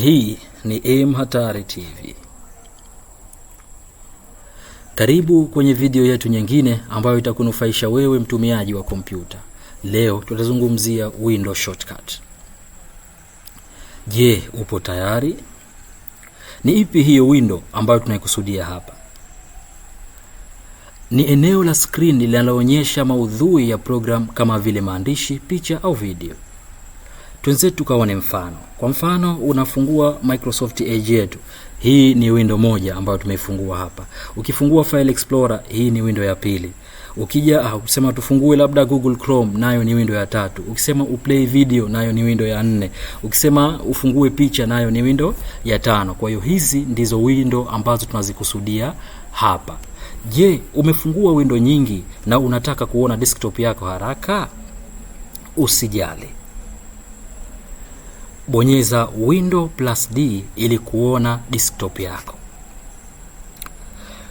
Hii ni AIM Hatari TV. Karibu kwenye video yetu nyingine ambayo itakunufaisha wewe mtumiaji wa kompyuta. Leo tutazungumzia window shortcut. Je, upo tayari? Ni ipi hiyo window ambayo tunaikusudia hapa? Ni eneo la skrini linaloonyesha maudhui ya program kama vile maandishi, picha au video twenze tukaone mfano. Kwa mfano, unafungua Microsoft Edge yetu. Hii ni window moja ambayo tumeifungua hapa. Ukifungua File Explorer, hii ni window ya pili. Ukija ah, ukisema tufungue labda Google Chrome, nayo ni window ya tatu. Ukisema uplay video, nayo ni window ya nne. Ukisema ufungue picha, nayo ni window ya tano. Kwa hiyo hizi ndizo window ambazo tunazikusudia hapa. Je, umefungua window nyingi na unataka kuona desktop yako haraka? Usijali bonyeza window plus D ili kuona desktop yako.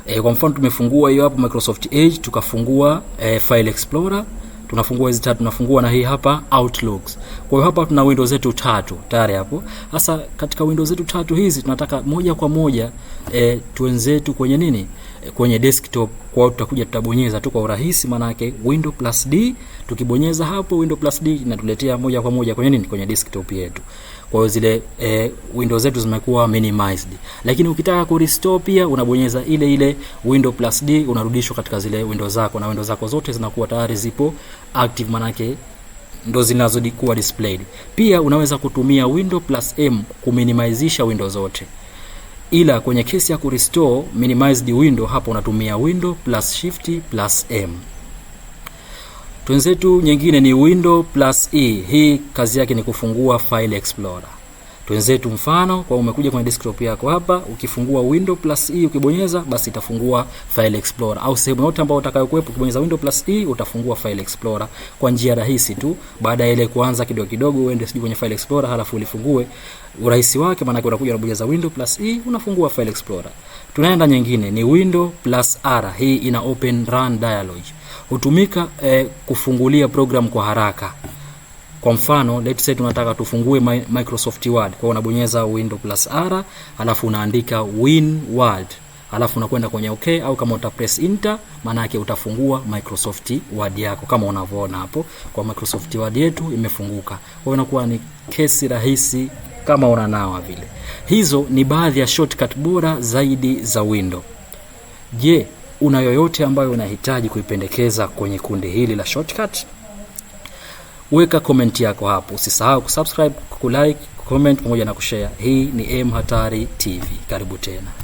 E, kwa mfano tumefungua hiyo hapo Microsoft Edge, tukafungua e, File Explorer, tunafungua hizi tatu, tunafungua na hii hapa outlooks Kwa hiyo hapa tuna window zetu tatu tayari hapo. Sasa katika window zetu tatu hizi tunataka moja kwa moja e, tuenzetu kwenye nini Eh, kwenye desktop. Kwa hiyo tutakuja tutabonyeza tu kwa urahisi, maana yake window plus D. Tukibonyeza hapo window plus D inatuletea moja kwa moja kwenye nini, kwenye desktop yetu. Kwa hiyo zile e, eh, window zetu zimekuwa minimized, lakini ukitaka ku restore pia unabonyeza ile ile window plus D, unarudishwa katika zile window zako, na window zako zote zinakuwa tayari zipo active, maana yake ndo zinazodikuwa displayed. Pia unaweza kutumia window plus M kuminimizisha window zote ila kwenye kesi ya kurestore minimized window, hapo unatumia window plus shift plus m. Twenzetu nyingine ni window plus e, hii kazi yake ni kufungua file explorer. Twenzetu mfano kwa umekuja kwenye desktop yako hapa, ukifungua window plus e ukibonyeza, basi itafungua file explorer au sehemu yote ambayo utakayokuepo, ukibonyeza window plus e utafungua file explorer kwa njia rahisi tu. Baada ya ile kuanza kidogo kidogo, uende sijui kwenye file explorer halafu ulifungue. Urahisi wake maana unakuja unabonyeza window plus e unafungua file explorer. Tunaenda nyingine ni window plus r. Hii ina open run dialog, hutumika eh, kufungulia program kwa haraka. Kwa mfano let's say tunataka tufungue Microsoft Word, kwa unabonyeza window plus r, alafu unaandika win word, alafu unakwenda kwenye okay, au kama uta press enter, maana yake utafungua Microsoft Word yako kama unavyoona hapo. Kwa Microsoft Word yetu imefunguka, kwa inakuwa ni kesi rahisi kama unanawa vile. Hizo ni baadhi ya shortcut bora zaidi za window. Je, una yoyote ambayo unahitaji kuipendekeza kwenye kundi hili la shortcut? weka comment yako hapo. Usisahau kusubscribe, kulike, comment pamoja na kushare. Hii ni M Hatari TV. Karibu tena.